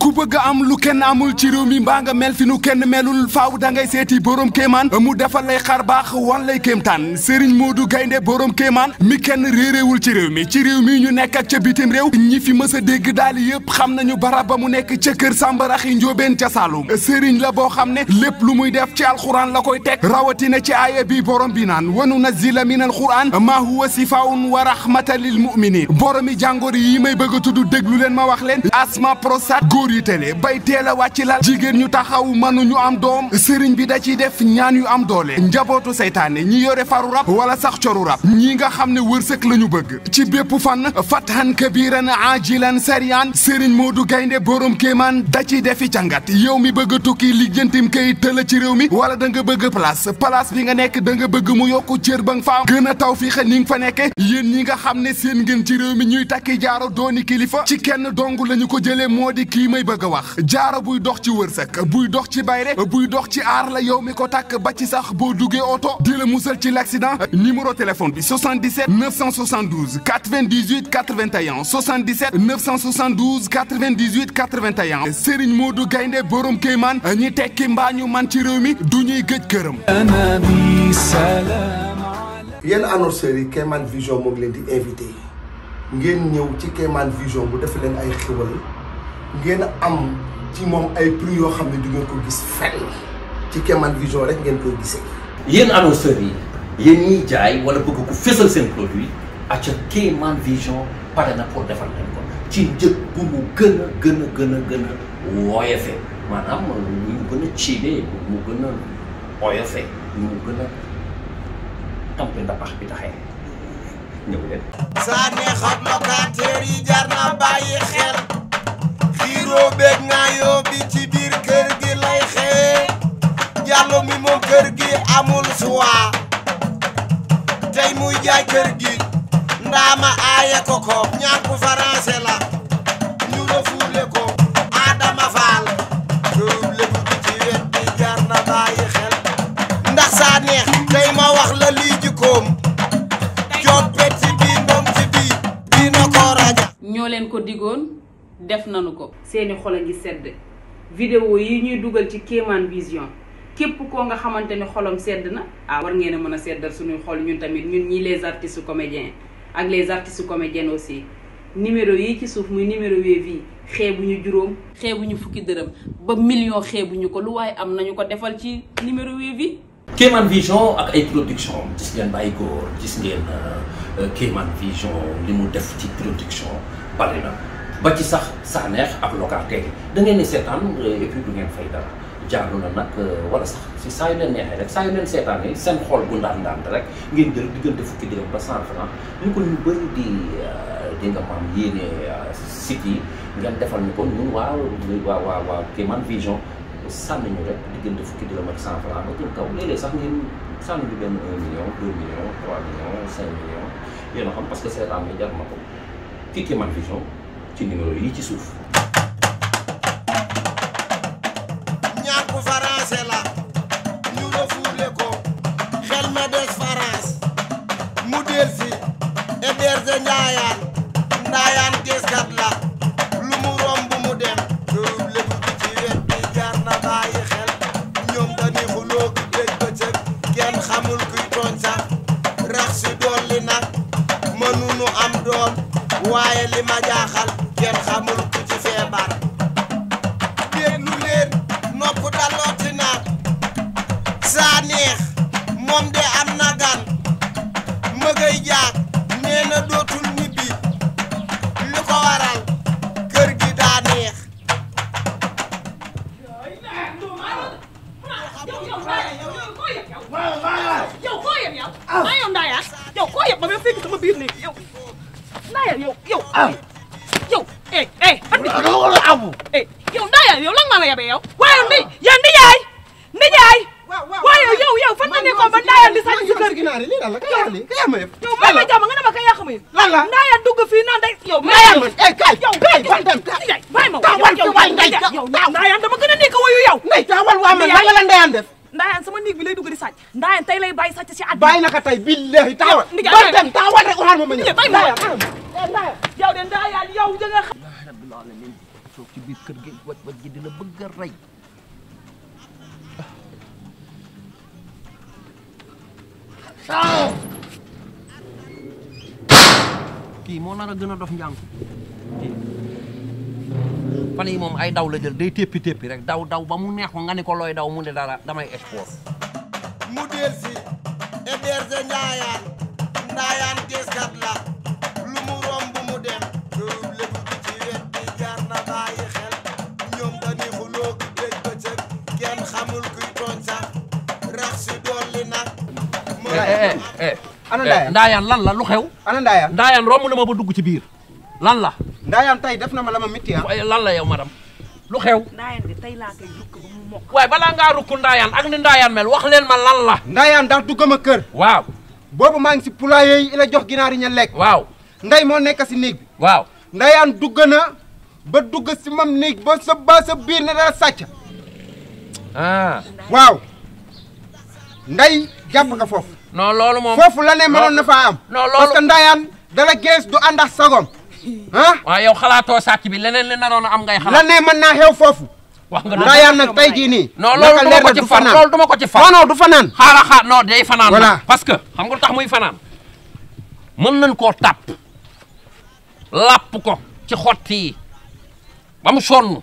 ku bëgg am lu kenn amul ci réew mi mbaa nga mel fi nu kenn melul faaw da ngay seeti borom kéemaan mu defal lay xar baax wan lay kéemtaan Serigne Modou Gaynde boroom kéemaan mi kenn réeréewul ci réew mi ci réew mi ñu nekk ak ca bitim réew ñi fi mës a dégg daal yëpp xam nañu barab ba mu nekk ca kër Sàmbaraxi Njóobeen ca Saalum Serigne la boo xam ne lépp lu muy def ci alxuraan la koy teg rawatina ci aaya bi borom bi naan wanu nazila min alxuraan maa huwa sifaun wa rahmatan lil muminin boromi jàngoro yi may bëgg a déglu leen ma wax leen asthme prostate góor yi télé bay teel a wàcc lal jigéen ñu taxaw ñu am doom sëriñ bi da ciy def ñaan yu am doole njabootu seytaane ñi yore faru rab wala sax coru rab ñi nga xam ne wërsëg la ñu bëgg ci bépp fan fathan kabiran ajilan sarian sëriñ Moodu Gaynde borom kéemaan da ciy defi jàngat yow mi bëgg tukki lijjantim kay tëla ci réew mi wala da nga bëgg place place bi nga nekk da nga bëgg mu yokk cër ba nga fa gën a taw fii xa ni nga fa nekke yéen ñi nga xam ne seen ngeen ci réew mi ñuy takki jaaro dooni kilifa ci kenn dong lañu ko ko jëlee moo di kii may bëgg a wax jaaro buy dox ci wërsëg buy dox ci bayre buy dox ci aar la yow mi ko tàkk ba ci sax boo duggee oto di la musal ci l'accident numéro téléphone bi 77 972 98 81 77 972 98 81 Serigne Modou Gaynde borom Kéemaan ñi tekki mbaa ñu man ci réew mi du ñuy gëj këram. yéen annonceurs yi Kéemaan Vision moo ngi ngeen ñew ci Kémane Vision bu def leen ay xewal ngeen am ci mom ay prix yo xamne ne du ngeen ko gis fenn ci Kémane Vision rek ngeen koy gisé yeen annonceur yi yeen ñi jaay wala bëgg ko fessel seen produit ci Kémane Vision pare na pour defal leen ko ci jëg bu mu gëna gëna gëna gëna gën a gën a wooyofee maanaam mu gën a mu gëna a wooyofee mu gën a tampe bi taxee. ñëw leen. saa neexoon yi jar na bàyyi xel xiiroo beeg ngaayoo bi ci biir kër gi lay xee jàllo mi moom kër gi amul suwaa tey muy jaay kër gi ndaama aaye ko ko ñaan ku la. def nañu ko seeni xol a sedd vidéo yi ñuy dugal ci Vision képp koo nga xamante ni xolam sedd na ah war ngeen a mën a xol ñun tamit ñun ñi les artistes comédiens ak les artistes comédiennes aussi numéro yi ci suuf muy numéro juróom ñu fukki dërëm ba million ko lu am nañu ko defal ci numéro yi Vision ak ay production gis ngeen Baye Góor gis euh, Vision li mu def ci production ba ci sax neex ak local tay da ngeen ni seetaan et puis du ngeen fay dara jaaru na nak wala sax ci saa yu neex rek saa len leen seetaanee xol bu ndaan ndaan rek ngeen jël digënté fukki dërëm ba 100 francs ñu ko ñu bari di di nga maam yene city ngeen defal ñu ko ñun waa waa waa ke man Vision sànni ñu rek digënté fukki dërëm ak 100 francs ba jëm kaw léeg sax ngeen sànni ñu benn 1 million 2 million 3 million 5 million yéna xam parce que seetaan mi jar mako ko kii Vision ci numéro yi ci suuf ah maa yow Ndaya yow koo yëpp ma ba fekk sama biir nii yow Ndaya yow yow. ah yow eh eh. at bi dama war a abu. eh yow Ndaya yow lan maa la yabee yow. waaye ndi yaa ndi yaay ndi yaay. waaye yow yow fan nga nekkoon ba Ndaya di sàcc ci kër gi. lii lan la kay yàlla kay yàlla ma yëpp. yow may ma jàmm nga ne ma kay yàq ma yëpp. lan la Ndaya dugg fii naan day. yow Ndaya yow kay kay kay ban dem kay. Ndaya bàyyi ma yow yow yow Ndaya dama gën a nekk wuyu yow. Ndaya wal waa man lan la Ndaya def. ndaayaan sama néeg bi lay dugg di sàcc ndaayaan tey lay bàyyi sàcc si at bàyyi naka tey billahi taawal ba dem taawal rek waxaan moom ma ñëw ndaayaan yow de ndaayaan yow da nga xam rabbil alamin toog ci biir gi bëgg dof fan yi moom ay daw la jël day téppi téppi rek daw daw ba mu neex ko nga ni ko looy daw mu ne dara damay export mu del si EDRG Njaayaan Ndaayaan geeskat la lu mu romb mu dem loolu lépp ci wet bi jaar na bàyyi xel ñoom dañu xuloo gi dégg bëccëg kenn xamul kuy tooñ sax rax si dolli nag eh, eh, eh, ana Ndaayaan lan la lu xew ana Ndaayaan Ndaayaan romb na ma ba dugg ci biir lan la Ndaayaan tey def na ma la ma métti ah. waaye lan la yow lu xew. Ndaayaan bi tey laa koy waaye balaa ngaa rukk Ndaayaan ak ni Ndaayaan mel wax leen ma lan la. Ndaayaan ndax dugg ma kër. waaw boobu maa ngi si poulailler yi la jox ginaar yi ñu lekk. waaw nday moo nekk si néeg bi. waaw Ndaayaan dugg na ba dugg si mam néeg ba sa ba ne dara sàcc. Ah. waaw nday jàpp nga foofu. non loolu moom la ne mënoon na faa am. non Ndaayaan dala gees du ànd ak waa waaw yow xalaatoo sàcc bi leneen li naroon am ngay xalaat lan ne mën naa xew foofu wax nga ndaa yaan nag tey jii nii non loolu duma ko ci far loolu du fanaan xaara xaar non day fanaan voilà parce que xam nga tax muy fanaan mën nañ koo tàpp làpp ko ci xotti yi ba mu sonn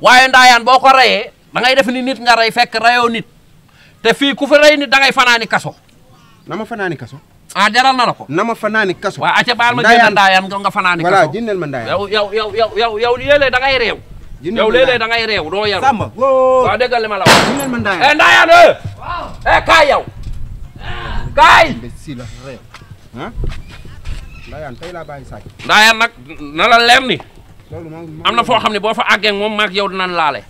waaye ndaayaan boo ko reyee da ngay def ni nit nga rey fekk reyoo nit te fii ku fi rey nit da fanaani kaso na ma fanaani kaso ah jaral na la ko. na ma fanaani kaso. waaw acca baal ma jënd ndaayaan nga fanaani kaso. voilà jëndal ma ndaayaan. yow yow yow yow yow yow léeg-léeg da ngay réew. yow léeg-léeg da ngay réew doo yaru. Samba woo waaw déggal li ma la wax. jëndal ma ndaayaan eh ndaayaan eh. waaw eh kaay yow. kaay. ndaayaan tey laa bàyyi sàcc. ndaayaan nag na la leer ni. am na foo xam ne boo fa àggee moom maag yow dinañ laale.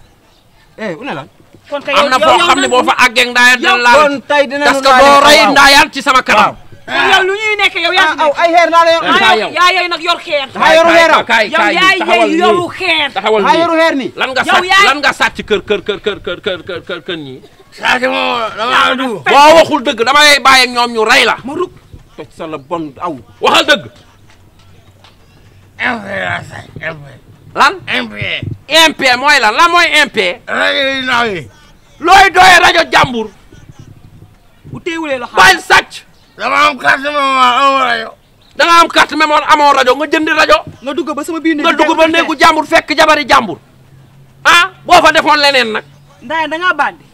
eh une la. kon kay yow yow am na foo xam ne boo fa àggee ndaayaan dinañ laale. yow kon tey dinañ laale parce que doo rey ndaayaan ci sama kanam. Ah. yow lu ñuy nekk yow yaa ah, aw ay xeer naa la ah, yor xeer daa yoru xeer taxawal daa xeer nii lan ga sàcc lan nga sàcc kër kër kër kër kër kër kër kër kër ñii sàcc moom du waxul dëgg dama lay bàyyi ak ñoom ñu rey la ma rug aw waxal dëgg lan MP mooy lan lan mooy MP rajo yi naaw yi rajo jàmbur bu téewulee la xam dama am carte mémoire amoo rajo da nga am carte mémoire amoo rajo nga jënd rajo nga dugg ba sama biir nga dugg ba néegu jàmbur fekk jabari jàmbur ah boo fa defoon leneen nag ndaay da ngaa bandi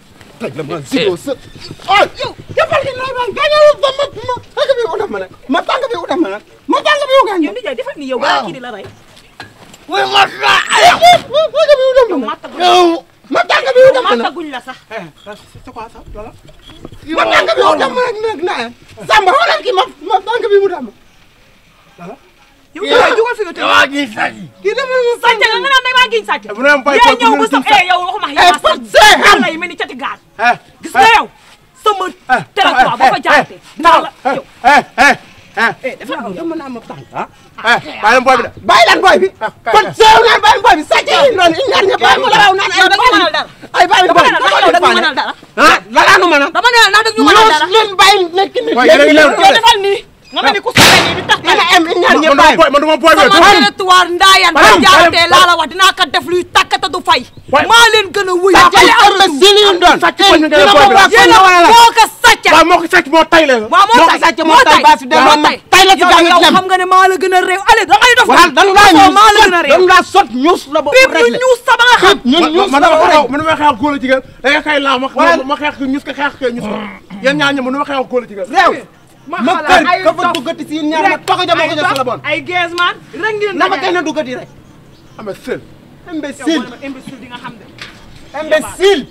mataguñ la sax. Eh, eh, c'est quoi ça loolu. yow tànk bi yow dem rek naayam. Samba xoolal ma ma tànk bi mu dem. voilà. yow damaa fi nga tëjee damaa giñ sàcc. kii dafa ñu nga naan damaa giñ sàcc. bu doon bàyyi kooku ñu ngi sàcc eh, yow waxuma yow waxuma yow yi mel ni cati gaal. gis nga yow sama. terrain ba fa jaarate. ndax yow. ah dafa am yow mën naa am ab tànk ah. Ah, eh, ah bàyyi leen booy bi de. Ah, bàyyi leen booy bi. kon seew naan bàyyi booy bi sàcc yi noonu ñu ñaar ñëpp bàyyi ko la waaw naan ay bàyyi bi ay bàyyi booy bi dafa leen fànn ah lalaanu mën a. dama ne la ndax dañu mën a dara loolu leen bàyyi nekk nii. waaye yéen a ngi ni ku soobee nii di tax a. du ma ma booy bi. sama a wuyu. sàcc yi am na si li dina ma bokk yéen a boo ko sàcc waaw moo ko sàcc moo tay la waaw moo ko sàcc moo tay baasu dem moo tay la ci jàng yow xam nga ne maa la gën a réew allez da ngay dof waaw dañu laa ñuus maa la gën a réew dañu laa sot ñuus la ba réglé ñun ñuus sa ba nga xam ñun ñuus man dama xeex man dama xeex góor a jigéen da nga kay laa ma ma xeex ko ñuus ko xeex ko ñuus ko yéen ñaar ñi man dama xeex góor a jigéen réew ma kër ka fa duggati si yéen ñaar ma toog a jamoo ko jot la bon ay gees man rek ngeen na ma kay na duggati rek ama sel imbécile imbécile di nga xam de imbécile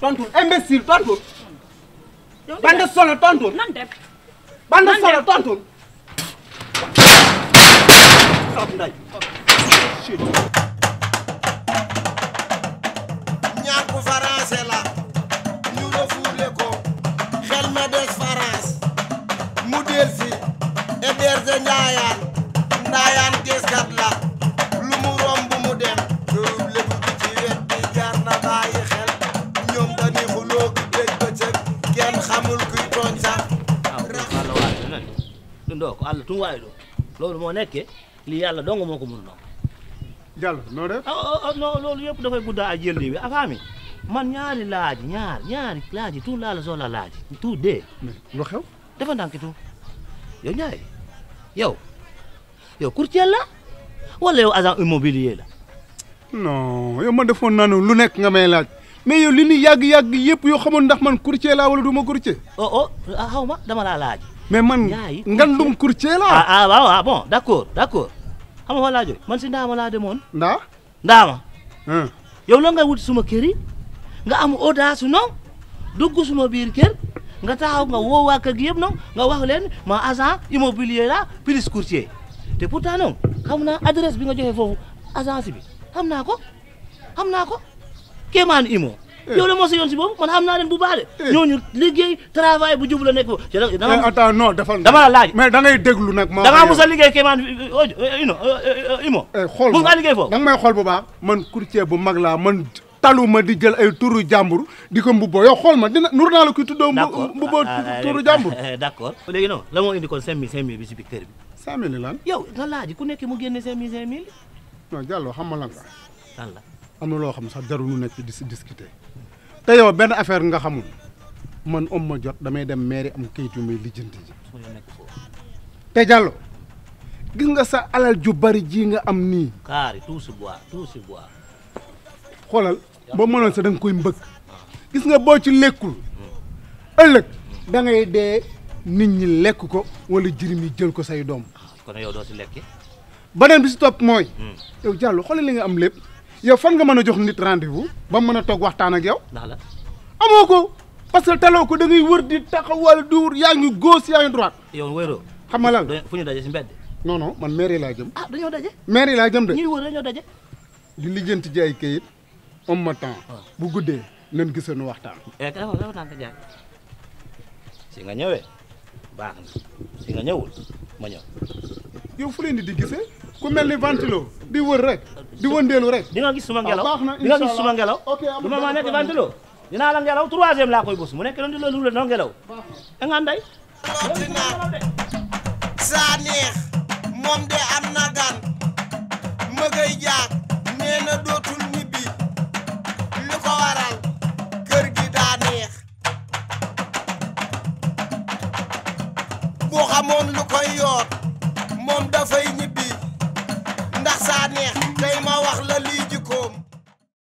tontul imbécile tontul bande solo tontu. nan dem bande solo tontu. suñu waay doo loolu moo nekke lii yàlla dong moo ko mun noonu. Diallo noo def. Ah, ah, ah non loolu yëpp dafay a ak jël bi afaami man ñaari laaj ñaar ñaari laaj tuut laa la soxla laaj tuut dee. lu xew. dafa ndànk yo yow ñaay yow yow la wala yow agent immobilier la. non yow man defoon naa ne lu nekk nga may laaj mais yow li ni yàgg-yàgg yëpp yoo xamoon ndax man courtier laa wala du ma courtier. oh oh ah, xaw ma dama laa laaj. mais man ngandum courtier la ah, ah waaw waaw bon d'accord d'accord xam nga fa laa man si ndaama laa demoon. ndaa ndaama. yow la nga wut suma kër yi nga am audace non dugg suma biir kër nga taxaw nga woo waa yëpp non nga wax leen ma agent immobilier la plus courtier te pourtant non xam naa adresse bi nga joxe foofu agence bi xam naa ko xam naa ko Kéemaan Imo. Eh. yow la moo sa yoon si boobu man xam naa leen bu baax de. Eh. ñooñu liggéey travail bu jub la nekk foofu. da nga mais eh, attends non dafa. dama la laaj mais da ngay déglu nag. ma da ngaa mos a liggéey kéemaan ino imo. xool bu nga liggéey foofu. da nga may xool bu baax man courtier bu mag laa man talu ma di jël ay turu jàmbur di ko mbubboo yow xool ma dina nur naa la kuy tuddoo. mbubboo ah, ah, turu ah, jàmbur. d'accord léegi non la moo indi kon cinq mille cinq mille bi si victoire bi. cinq mille lan. yow nga laaj ku nekk mu génne cinq mille cinq mille. non Diallo xam nga lan la. lan la. am na loo xam sax jarul ñu nekk di si discuter te yow benn affaire nga xamul man om ma jot damay dem mairie am kayit yu muy lijjanti ji te Diallo gis nga sa alal ju bari ji nga am nii. kaari tout xoolal boo mënoon sax da nga koy mbëgg ah. gis nga boo ci lekkul hmm. ëllëg da dee nit ñi lekk ko wala jirim yi jël ko say doom. Ah, kon yow doo si lekk. beneen bi si topp mooy. Hmm. yow Diallo xoolal li nga am lépp. yow fan nga mëna a jox nit rendez-vous ba mëna a waxtaan ak yow. ndax la amoo parce que talo ko da ngay wër di taxawal dur ya ngi gauche ya ngi droite. yow wëro xam nga lan fu ñu dajé ci mbéd non non man mairie la jëm. ah dañu dajé mairie la jëm de. ñuy wër dañu dajé li lijeenti ji ay kayit on ma temps. Ah. bu guddé nañ gissone waxtaan. eh dafa waxtaan naan jaay si nga ñëwé baax na si nga ñëwul ma ñëw. yow fu leen di di ku mel ni ventilo di wër rek di wëndeelu rek. di nga gis suma ah, na di nga gis suma ngelaw. ok amul ma nekk ventilo dinaa la ngelaw troisième laa koy mu nekk loolu lu la ngelaw. da nga nday. saa de am na gan mëgëy jaar nee na dootul.